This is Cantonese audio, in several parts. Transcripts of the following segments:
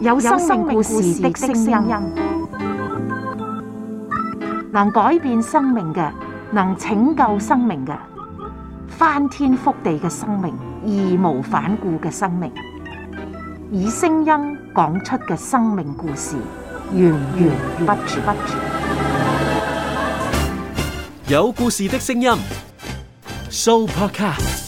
有生命故事的聲音，能改變生命嘅，能拯救生命嘅，翻天覆地嘅生命，義無反顧嘅生命，以聲音講出嘅生命故事，源源不絕。有故事的聲音，Supercast。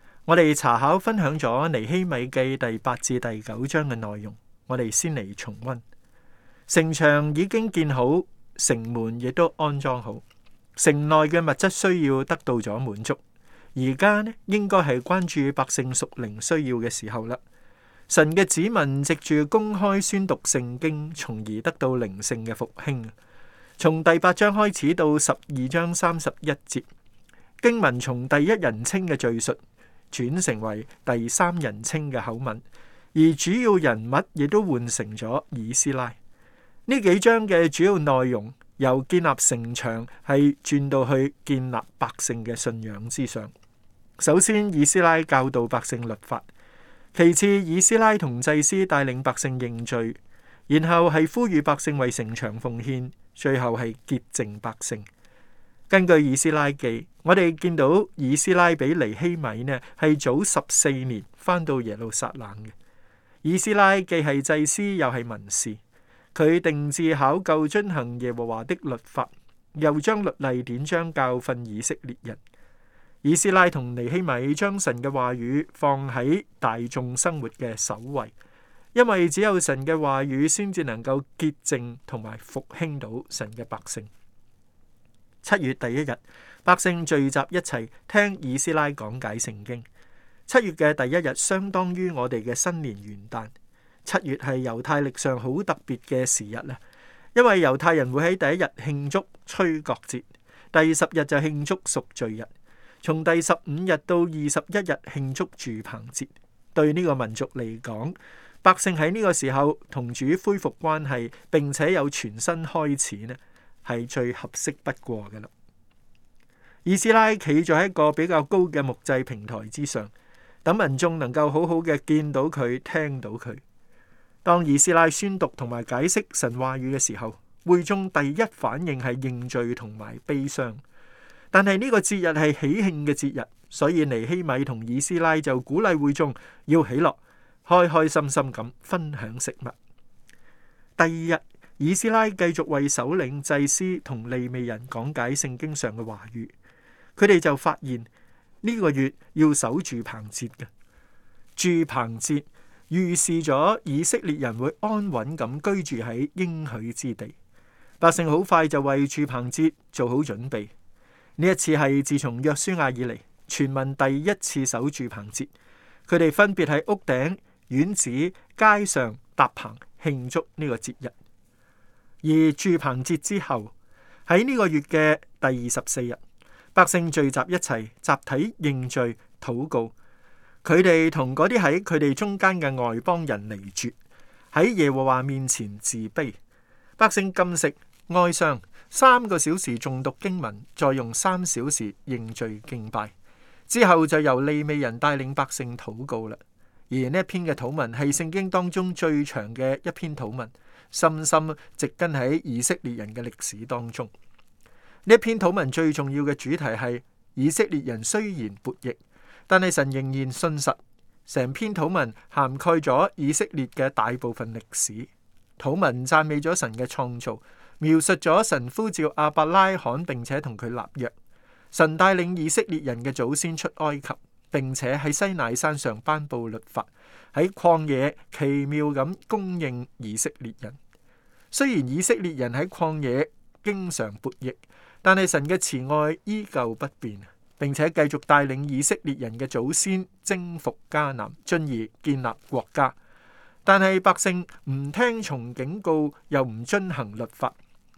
我哋查考分享咗尼希米記第八至第九章嘅內容，我哋先嚟重溫。城牆已經建好，城門亦都安裝好，城內嘅物質需要得到咗滿足。而家呢，應該係關注百姓屬靈需要嘅時候啦。神嘅子民藉住公開宣讀聖經，從而得到靈性嘅復興。從第八章開始到十二章三十一節，經文，從第一人稱嘅敘述。轉成為第三人稱嘅口吻，而主要人物亦都換成咗以斯拉。呢幾章嘅主要內容由建立城牆，係轉到去建立百姓嘅信仰之上。首先，以斯拉教導百姓律法，其次，以斯拉同祭司帶領百姓認罪；然後係呼籲百姓為城牆奉獻；最後係潔淨百姓。根據以斯拉記，我哋見到以斯拉比尼希米呢係早十四年翻到耶路撒冷嘅。以斯拉既係祭司又係文士，佢定志考究遵行耶和華的律法，又將律例典章教訓以色列人。以斯拉同尼希米將神嘅話語放喺大眾生活嘅首位，因為只有神嘅話語先至能夠潔淨同埋復興到神嘅百姓。七月第一日，百姓聚集一齊聽以斯拉講解聖經。七月嘅第一日相當於我哋嘅新年元旦。七月係猶太曆上好特別嘅時日啦，因為猶太人會喺第一日慶祝吹角節，第十日就慶祝贖罪日，從第十五日到二十一日慶祝住棚節。對呢個民族嚟講，百姓喺呢個時候同主恢復關係，並且有全新開始呢，係最合適不過嘅啦。以斯拉企咗喺一個比較高嘅木製平台之上，等民眾能夠好好嘅見到佢、聽到佢。當以斯拉宣讀同埋解釋神話語嘅時候，會眾第一反應係認罪同埋悲傷。但係呢個節日係喜慶嘅節日，所以尼希米同以斯拉就鼓勵會眾要喜樂，開開心心咁分享食物。第二日。以斯拉繼續為首領、祭司同利未人講解聖經上嘅話語，佢哋就發現呢個月要守住棚節嘅。住棚節預示咗以色列人會安穩咁居住喺應許之地。百姓好快就為住棚節做好準備。呢一次係自從約書亞以嚟，全民第一次守住棚節。佢哋分別喺屋頂、院子、街上搭棚慶祝呢個節日。而住棚節之後，喺呢個月嘅第二十四日，百姓聚集一齊，集體認罪禱告。佢哋同嗰啲喺佢哋中間嘅外邦人離絕，喺耶和華面前自卑。百姓禁食哀傷，三個小時誦讀經文，再用三小時認罪敬拜。之後就由利未人帶領百姓禱告啦。而呢一篇嘅禱文係聖經當中最長嘅一篇禱文。深深植根喺以色列人嘅歷史當中。呢篇土文最重要嘅主題係以色列人雖然叛逆，但係神仍然信實。成篇土文涵蓋咗以色列嘅大部分歷史。土文讚美咗神嘅創造，描述咗神呼召亞伯拉罕，並且同佢立約。神帶領以色列人嘅祖先出埃及，並且喺西奈山上頒布律法，喺曠野奇妙咁供應以色列人。雖然以色列人喺曠野經常悖逆，但係神嘅慈愛依舊不變，並且繼續帶領以色列人嘅祖先征服迦南，進而建立國家。但係百姓唔聽從警告，又唔遵行律法，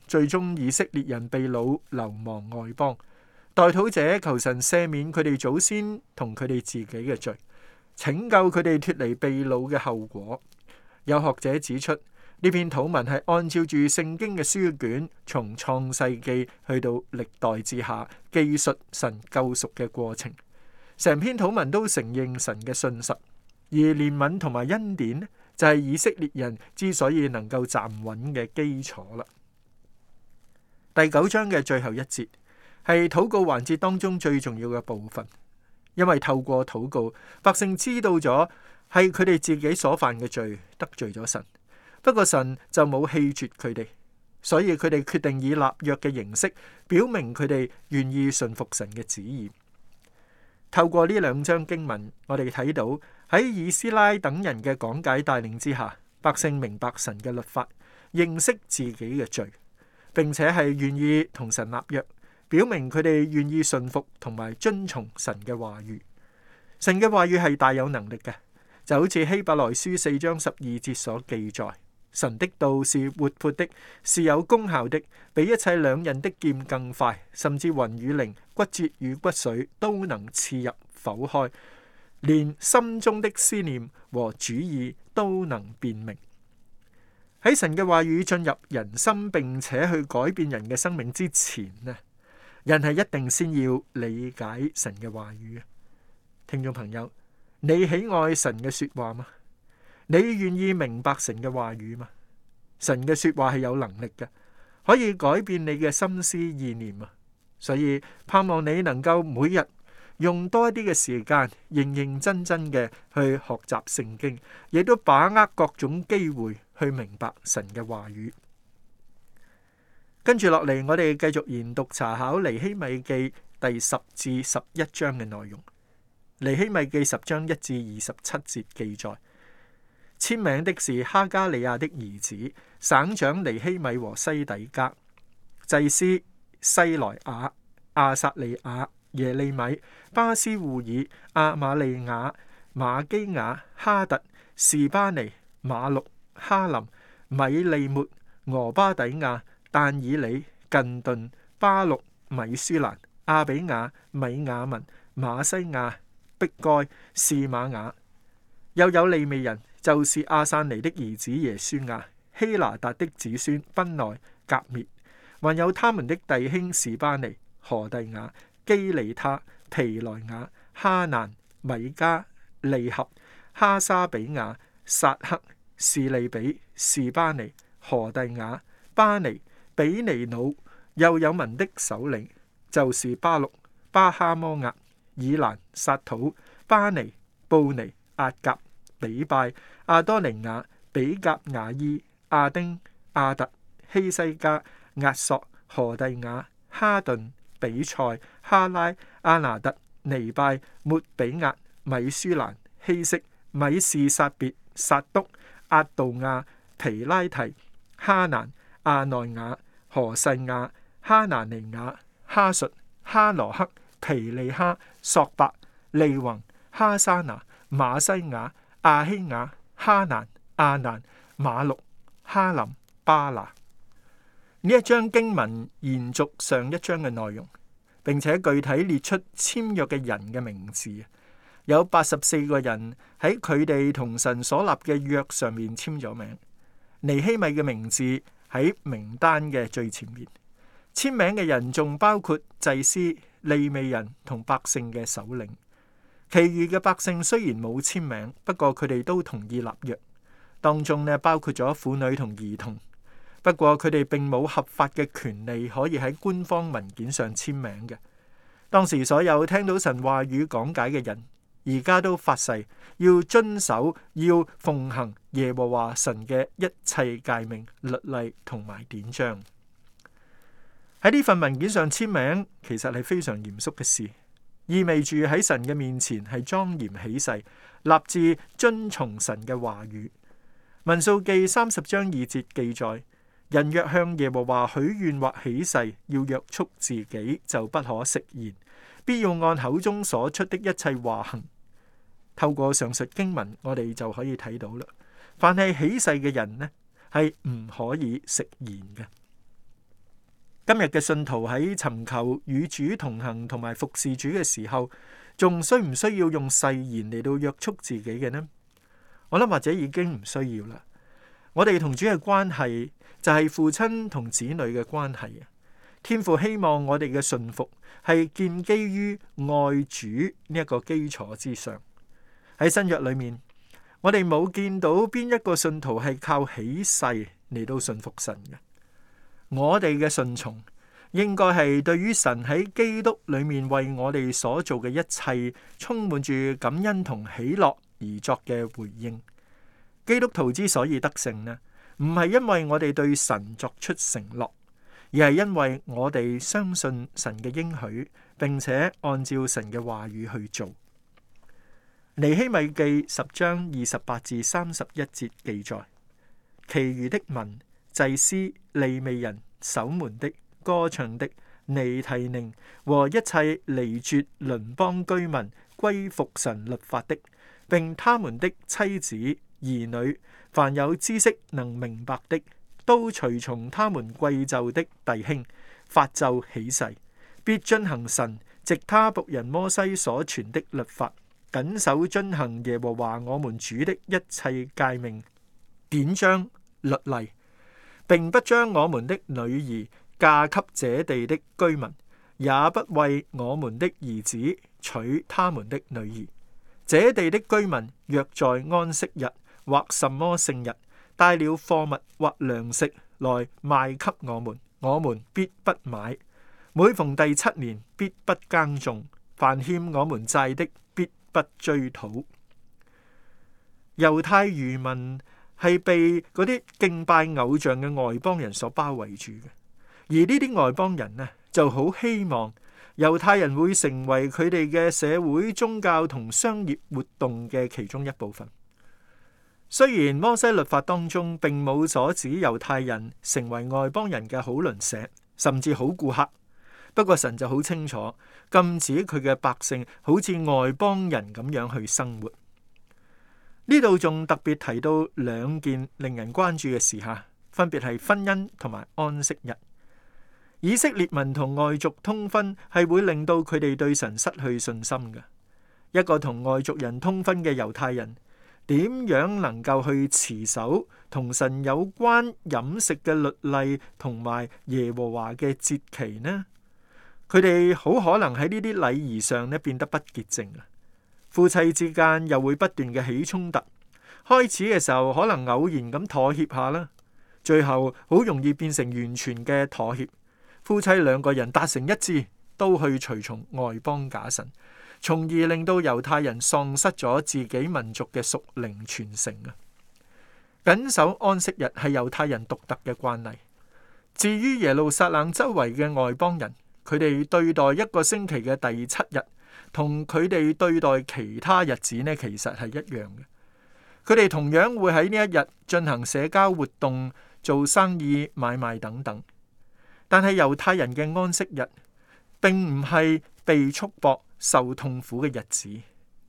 最終以色列人被擄流亡外邦。代禱者求神赦免佢哋祖先同佢哋自己嘅罪，拯救佢哋脫離被擄嘅後果。有學者指出。呢篇禱文係按照住聖經嘅書卷，從創世記去到歷代志下記述神救贖嘅過程。成篇禱文都承認神嘅信實，而憐憫同埋恩典就係以色列人之所以能夠站穩嘅基礎啦。第九章嘅最後一節係禱告環節當中最重要嘅部分，因為透過禱告，百姓知道咗係佢哋自己所犯嘅罪得罪咗神。不過神就冇棄絕佢哋，所以佢哋決定以立約嘅形式表明佢哋願意順服神嘅旨意。透過呢兩章經文，我哋睇到喺以斯拉等人嘅講解帶領之下，百姓明白神嘅律法，認識自己嘅罪，並且係願意同神立約，表明佢哋願意順服同埋遵從神嘅話語。神嘅話語係大有能力嘅，就好似希伯來書四章十二節所記載。神的道是活潑的，是有功效的，比一切兩刃的劍更快，甚至魂與靈、骨節與骨髓都能刺入剖開，連心中的思念和主意都能辨明。喺神嘅話語進入人心，並且去改變人嘅生命之前呢，人係一定先要理解神嘅話語。聽眾朋友，你喜愛神嘅說話嗎？你願意明白神嘅話語嗎？神嘅說話係有能力嘅，可以改變你嘅心思意念啊！所以盼望你能夠每日用多一啲嘅時間，認認真真嘅去學習聖經，亦都把握各種機會去明白神嘅話語。跟住落嚟，我哋繼續研讀查考尼希米記第十至十一章嘅內容。尼希米記十章一至二十七節記載。簽名的是哈加利亞的兒子省長尼希米和西底格，祭司西萊亞、亞撒利亞、耶利米、巴斯胡爾、阿瑪利亞、瑪基亞、哈特士、巴尼、馬錄、哈林、米利末、俄巴底亞、但以里、近頓、巴錄、米斯蘭、阿比亞、米雅文、馬西亞、碧蓋士、瑪雅，又有利未人。就是阿薩尼的兒子耶孫亞希拿達的子孫，賓內、革滅，還有他們的弟兄是巴尼、何地雅、基利他、皮萊雅、哈蘭、米加、利合、哈沙比雅、撒克、士利比、士巴尼、何地雅、巴尼、比尼努，又有民的首領，就是巴錄、巴哈摩亞、以蘭、撒土、巴尼、布尼、阿甲。比拜阿多尼雅、比格雅伊、阿丁、阿特希西加、亞索、荷蒂亞、哈頓、比賽、哈拉、阿拿特、尼拜、莫比亞、米舒蘭、希色、米士撒別、撒督、阿杜亞、皮拉提、哈南、阿內雅、何西亞、哈拿尼雅、哈術、哈羅克、皮利哈、索伯、利宏、哈沙拿、馬西亞。阿希亞、哈南、阿南、馬錄、哈林、巴拿，呢一張經文延續上一章嘅內容，並且具體列出簽約嘅人嘅名字，有八十四個人喺佢哋同神所立嘅約上面簽咗名。尼希米嘅名字喺名單嘅最前面，簽名嘅人仲包括祭司、利未人同百姓嘅首領。其餘嘅百姓雖然冇簽名，不過佢哋都同意立約，當中呢，包括咗婦女同兒童。不過佢哋並冇合法嘅權利可以喺官方文件上簽名嘅。當時所有聽到神話語講解嘅人，而家都發誓要遵守、要奉行耶和華神嘅一切誡命、律例同埋典章。喺呢份文件上簽名，其實係非常嚴肅嘅事。意味住喺神嘅面前係莊嚴起誓，立志遵從神嘅話語。民數記三十章二節記載：人若向耶和華許願或起誓，要約束自己，就不可食言，必要按口中所出的一切話行。透過上述經文，我哋就可以睇到啦。凡係起誓嘅人呢，係唔可以食言嘅。今日嘅信徒喺尋求與主同行同埋服侍主嘅時候，仲需唔需要用誓言嚟到約束自己嘅呢？我諗或者已經唔需要啦。我哋同主嘅關係就係父親同子女嘅關係啊。天父希望我哋嘅信服係建基於愛主呢一個基礎之上。喺新約裏面，我哋冇見到邊一個信徒係靠起誓嚟到信服神嘅。我哋嘅順從應該係對於神喺基督裏面為我哋所做嘅一切充滿住感恩同喜樂而作嘅回應。基督徒之所以得勝呢，唔係因為我哋對神作出承諾，而係因為我哋相信神嘅應許，並且按照神嘅話語去做。尼希米記十章二十八至三十一節記載，其餘的民。祭司利未人守門的、歌唱的、尼提寧和一切離絕鄰邦居民、歸服神律法的，並他們的妻子、兒女，凡有知識能明白的，都隨從他們貴胄的弟兄發咒起誓，必遵行神藉他僕人摩西所傳的律法，謹守遵行耶和華我們主的一切誡命、典章、律例。並不將我們的女兒嫁給這地的居民，也不為我們的兒子娶他們的女兒。這地的居民若在安息日或什麼聖日帶了貨物或糧食來賣給我們，我們必不買。每逢第七年必不耕種，凡欠我們債的必不追討。猶太漁民。係被嗰啲敬拜偶像嘅外邦人所包圍住嘅，而呢啲外邦人呢就好希望猶太人會成為佢哋嘅社會、宗教同商業活動嘅其中一部分。雖然摩西律法當中並冇阻止猶太人成為外邦人嘅好鄰舍，甚至好顧客，不過神就好清楚禁止佢嘅百姓好似外邦人咁樣去生活。呢度仲特別提到兩件令人關注嘅事吓，分別係婚姻同埋安息日。以色列民同外族通婚係會令到佢哋對神失去信心嘅。一個同外族人通婚嘅猶太人，點樣能夠去持守同神有關飲食嘅律例同埋耶和華嘅節期呢？佢哋好可能喺呢啲禮儀上咧變得不潔淨啊！夫妻之間又會不斷嘅起衝突。開始嘅時候可能偶然咁妥協下啦，最後好容易變成完全嘅妥協。夫妻兩個人達成一致，都去隨從外邦假神，從而令到猶太人喪失咗自己民族嘅屬靈傳承啊！謹守安息日係猶太人獨特嘅慣例。至於耶路撒冷周圍嘅外邦人，佢哋對待一個星期嘅第七日。同佢哋對待其他日子呢，其實係一樣嘅。佢哋同樣會喺呢一日進行社交活動、做生意、買賣等等。但係猶太人嘅安息日，並唔係被束縛、受痛苦嘅日子，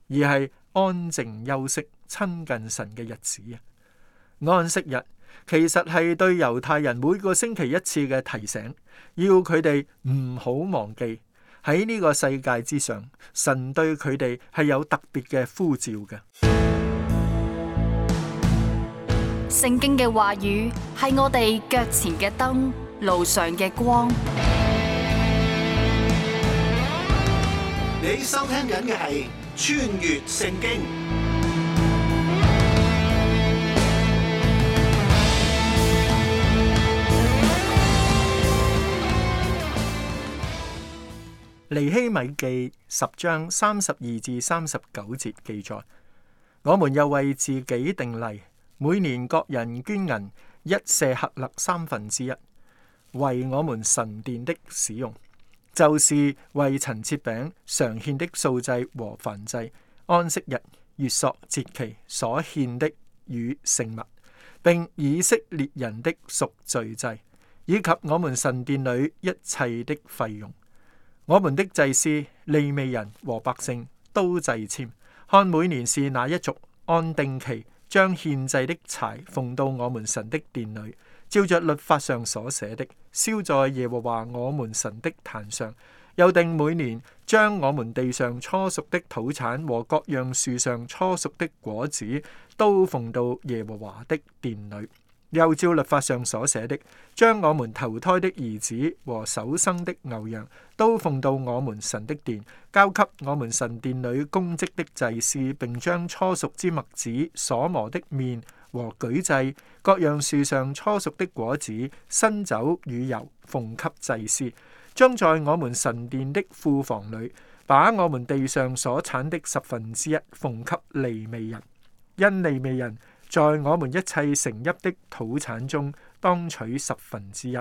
而係安靜休息、親近神嘅日子啊！安息日其實係對猶太人每個星期一次嘅提醒，要佢哋唔好忘記。喺呢個世界之上，神對佢哋係有特別嘅呼召嘅。聖經嘅話語係我哋腳前嘅燈，路上嘅光。你收聽緊嘅係《穿越聖經》。《尼希米記》十章三十二至三十九節記載，我們又為自己定例，每年各人捐銀一舍客勒三分之一，為我們神殿的使用，就是為陳設餅常獻的素祭和燔祭、安息日、月朔節期所獻的與聖物，並以色列人的贖罪祭，以及我們神殿裏一切的費用。我們的祭司、利未人和百姓都掣籤，看每年是哪一族，按定期將獻祭的柴奉到我們神的殿裏，照着律法上所寫的，燒在耶和華我們神的壇上。又定每年將我們地上初熟的土產和各樣樹上初熟的果子，都奉到耶和華的殿裏。又照律法上所寫的，將我們頭胎的兒子和首生的牛羊，都奉到我們神的殿，交給我們神殿裏供職的祭司，並將初熟之麥子所磨的麵和舉祭各樣樹上初熟的果子、新酒與油，奉給祭司；將在我們神殿的庫房裏，把我們地上所產的十分之一，奉給利未人。因利未人。在我們一切成邑的土產中，當取十分之一。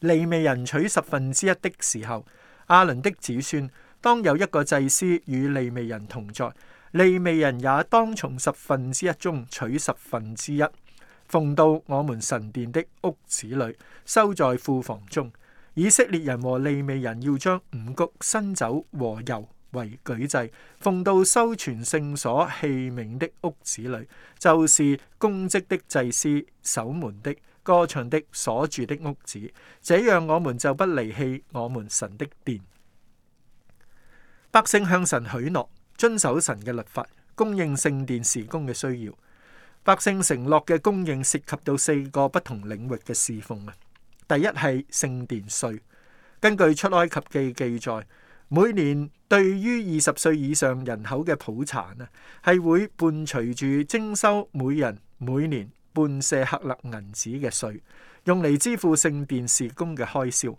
利未人取十分之一的時候，亞倫的子孫當有一個祭司與利未人同在，利未人也當從十分之一中取十分之一，奉到我們神殿的屋子裏，收在庫房中。以色列人和利未人要將五穀、新酒和油。為舉祭，奉到收存聖所器皿的屋子裏，就是供職的祭司、守門的、歌唱的、所住的屋子。這樣我們就不離棄我們神的殿。百姓向神許諾，遵守神嘅律法，供應聖殿事工嘅需要。百姓承諾嘅供應涉及到四個不同領域嘅侍奉啊！第一係聖殿稅，根據出埃及記記載。每年對於二十歲以上人口嘅普查呢，係會伴隨住徵收每人每年半舍克勒銀紙嘅稅，用嚟支付聖殿事工嘅開銷。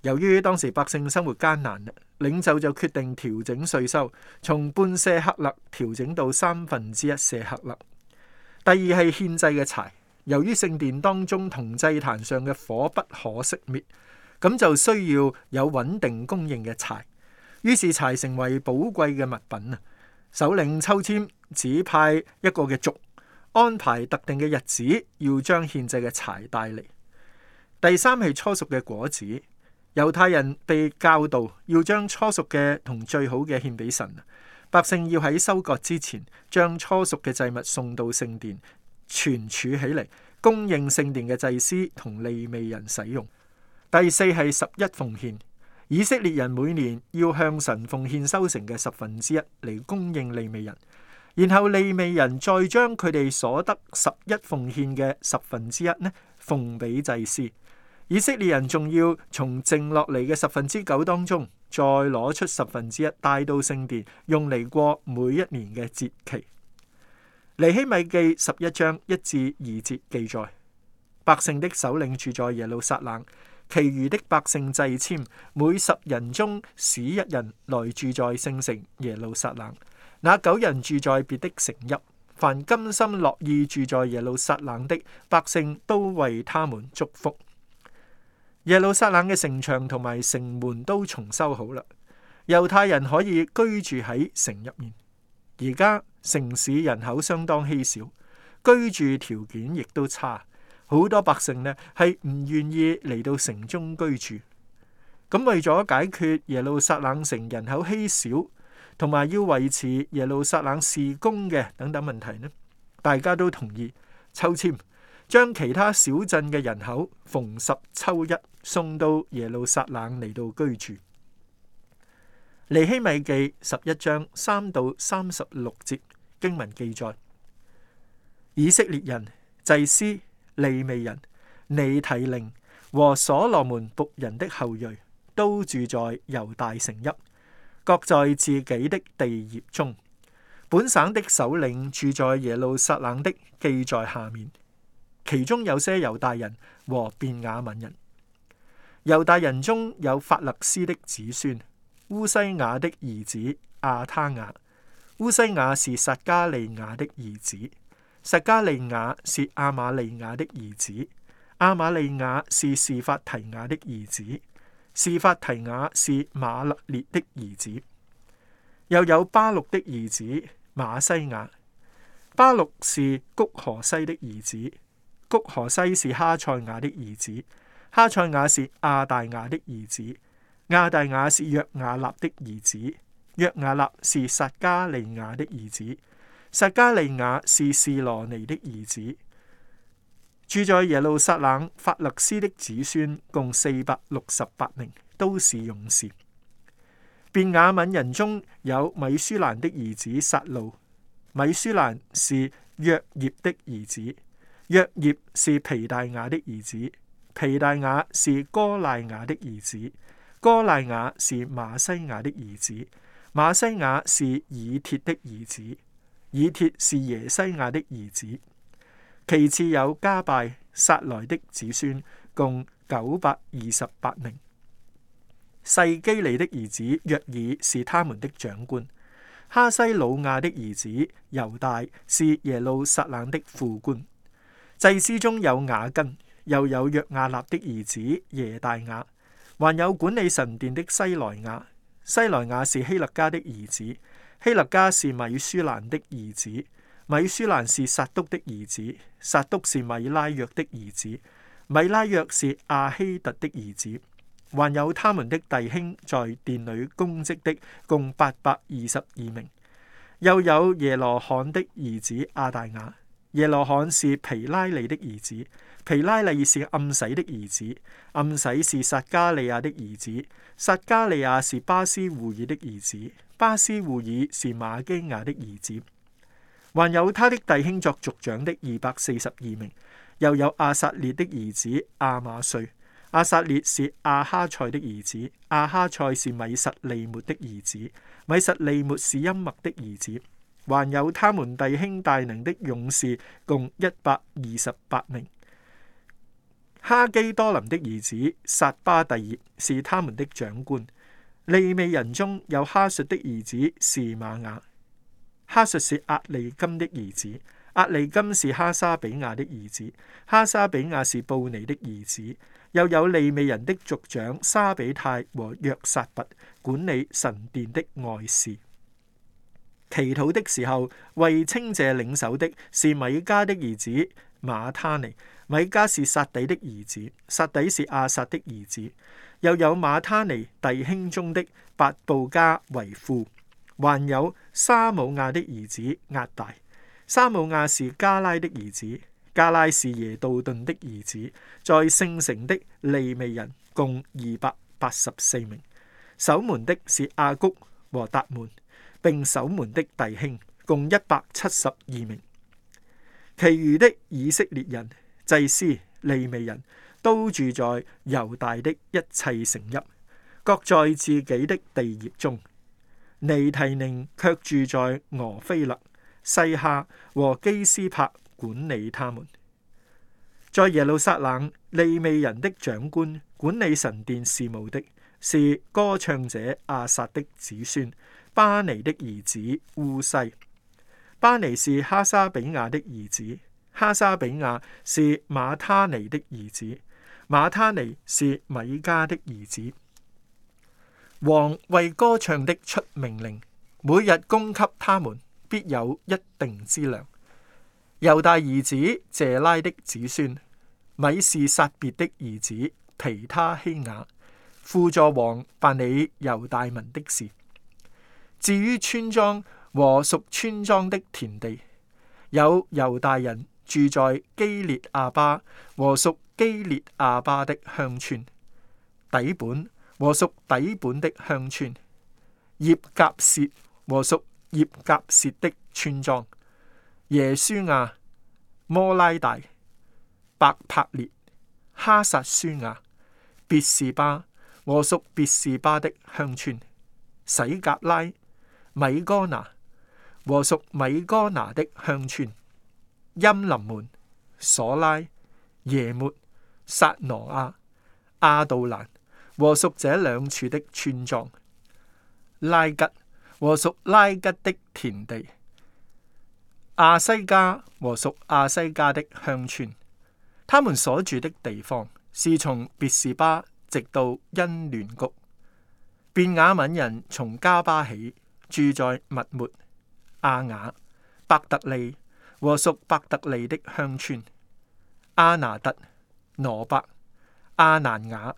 由於當時百姓生活艱難，領袖就決定調整稅收，從半舍克勒調整到三分之一舍克勒。第二係獻祭嘅柴，由於聖殿當中同祭壇上嘅火不可熄滅。咁就需要有穩定供應嘅柴，於是柴成為寶貴嘅物品啊！首領抽籤指派一個嘅族，安排特定嘅日子，要將獻祭嘅柴帶嚟。第三係初熟嘅果子，猶太人被教導要將初熟嘅同最好嘅獻俾神。百姓要喺收割之前，將初熟嘅祭物送到聖殿，存儲起嚟，供應聖殿嘅祭司同利未人使用。第四係十一奉獻，以色列人每年要向神奉獻收成嘅十分之一嚟供應利未人，然後利未人再將佢哋所得十一奉獻嘅十分之一呢，奉俾祭司。以色列人仲要從剩落嚟嘅十分之九當中再攞出十分之一，帶到聖殿用嚟過每一年嘅節期。尼希米記十一章一至二節記載，百姓的首領住在耶路撒冷。其餘的百姓掣籤，每十人中使一人來住在聖城耶路撒冷，那九人住在別的城邑。凡甘心樂意住在耶路撒冷的百姓，都為他們祝福。耶路撒冷嘅城牆同埋城門都重修好啦，猶太人可以居住喺城入面。而家城市人口相當稀少，居住條件亦都差。好多百姓呢係唔願意嚟到城中居住，咁為咗解決耶路撒冷城人口稀少，同埋要維持耶路撒冷事工嘅等等問題呢，大家都同意抽籤，將其他小鎮嘅人口逢十抽一送到耶路撒冷嚟到居住。尼希米記十一章三到三十六節經文記載，以色列人祭司。利未人、尼提寧和所羅門僕人的後裔都住在猶大城邑，各在自己的地業中。本省的首領住在耶路撒冷的，記在下面，其中有些猶大人和便雅憫人。猶大人中有法勒斯的子孫烏西雅的兒子亞他雅，烏西雅是撒加利亞的兒子。撒加利亞是阿瑪利亞的兒子，阿瑪利亞是示法提雅的兒子，示法提雅是馬勒列的兒子。又有巴錄的兒子馬西亞，巴錄是谷何西的兒子，谷何西是哈塞亞的兒子，哈塞亞是亞大雅的兒子，亞大雅是約亞納的兒子，約亞納是撒加利亞的兒子。薩加利亞是士羅尼的兒子，住在耶路撒冷。法勒斯的子孫共四百六十八名，都是勇士。便雅敏人中有米舒蘭的兒子撒路，米舒蘭是約葉的兒子，約葉是皮大雅的兒子，皮大雅是哥賴雅的兒子，哥賴雅是馬西亞的兒子，馬西亞是以鐵的兒子。以鐵是耶西亞的兒子，其次有加拜、撒來的子孫，共九百二十八名。細基利的兒子約爾是他們的長官，哈西魯亞的兒子猶大是耶路撒冷的副官。祭司中有雅根，又有約亞納的兒子耶大雅，還有管理神殿的西萊亞。西萊亞是希勒家的兒子。希勒家是米舒蘭的兒子，米舒蘭是撒督的兒子，撒督是米拉約的兒子，米拉約是亞希特的兒子。還有他們的弟兄在殿裏供職的，共八百二十二名。又有耶羅罕的兒子亞大雅，耶羅罕是皮拉利的兒子，皮拉利是暗洗的兒子，暗洗是撒加利亞的兒子，撒加利亞是巴斯胡爾的兒子。巴斯胡爾是瑪基亞的兒子，還有他的弟兄作族長的二百四十二名，又有阿撒列的兒子阿瑪瑞。阿撒列是阿哈賽的兒子，阿哈賽是米實利末的兒子，米實利末是音墨的兒子，還有他們弟兄大能的勇士共一百二十八名。哈基多林的兒子撒巴蒂爾是他們的長官。利未人中有哈述的兒子是瑪雅，哈述是亞利金的兒子，亞利金是哈沙比亞的兒子，哈沙比亞是布尼的兒子。又有利未人的族長沙比泰和約撒拔管理神殿的外事。祈禱的時候，為清謝領首的是米加的兒子馬他尼，米加是撒底的兒子，撒底是亞薩的兒子。又有馬他尼弟兄中的八布加為父，還有沙姆亞的兒子押大，沙姆亞是加拉的兒子，加拉是耶杜頓的兒子，在聖城的利未人共二百八十四名，守門的是亞谷和達門。並守門的弟兄共一百七十二名，其餘的以色列人、祭司、利未人都住在猶大的一切城邑，各在自己的地業中。尼提寧卻住在俄菲勒、西哈和基斯帕，管理他們。在耶路撒冷，利未人的長官管理神殿事務的，是歌唱者亞薩的子孫。巴尼的兒子烏西，巴尼是哈沙比亞的兒子，哈沙比亞是馬他尼的兒子，馬他尼是米迦的兒子。王為歌唱的出命令，每日供給他們必有一定之糧。猶大兒子謝拉的子孫米是撒別的兒子皮他希雅，輔助王辦理猶大民的事。至於村莊和屬村莊的田地，有猶大人住在基列亞巴和屬基列亞巴的鄉村，底本和屬底本的鄉村，葉甲舌和屬葉甲舌的村莊，耶舒亞、摩拉大、伯帕列、哈薩舒亞、別是巴和屬別是巴的鄉村，洗格拉。米哥拿和屬米哥拿的鄉村，音林門、索拉、耶末、撒挪亞、阿杜蘭和屬這兩處的村莊，拉吉和屬拉吉的田地，亞西加和屬亞西加的鄉村，他們所住的地方是從別士巴直到恩亂谷，便雅憫人從加巴起。住在密末、阿雅、伯特利和屬伯特利的鄉村，阿拿特、羅伯、阿難雅、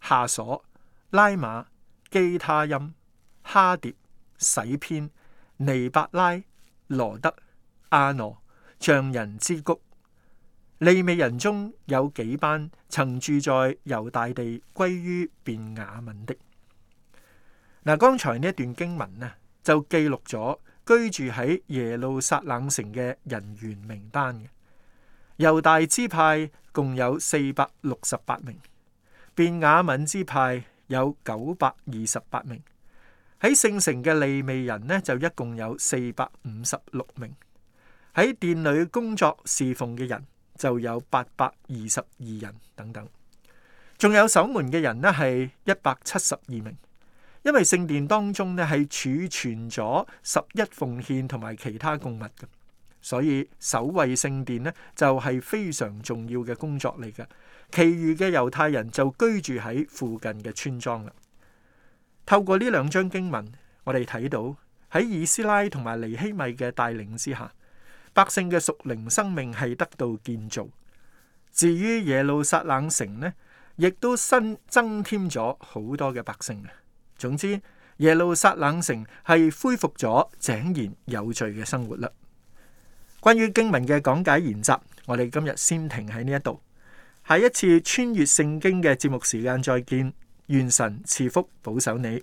夏索、拉馬、基他音、哈疊、洗篇、尼伯拉、羅德、阿羅、匠人之谷。利未人中有幾班曾住在猶大地，歸於便雅憫的。嗱，剛才呢一段經文呢？就記錄咗居住喺耶路撒冷城嘅人員名單嘅，猶大支派共有四百六十八名，便雅敏支派有九百二十八名，喺聖城嘅利未人呢就一共有四百五十六名，喺殿裏工作侍奉嘅人就有八百二十二人等等，仲有守門嘅人呢係一百七十二名。因為聖殿當中咧係儲存咗十一奉獻同埋其他貢物嘅，所以守衛聖殿咧就係、是、非常重要嘅工作嚟嘅。其餘嘅猶太人就居住喺附近嘅村莊啦。透過呢兩章經文，我哋睇到喺以斯拉同埋尼希米嘅帶領之下，百姓嘅屬靈生命係得到建造。至於耶路撒冷城呢，亦都新增添咗好多嘅百姓。總之，耶路撒冷城係恢復咗井然有序嘅生活啦。關於經文嘅講解研習，我哋今日先停喺呢一度。下一次穿越聖經嘅節目時間再見，願神賜福保守你。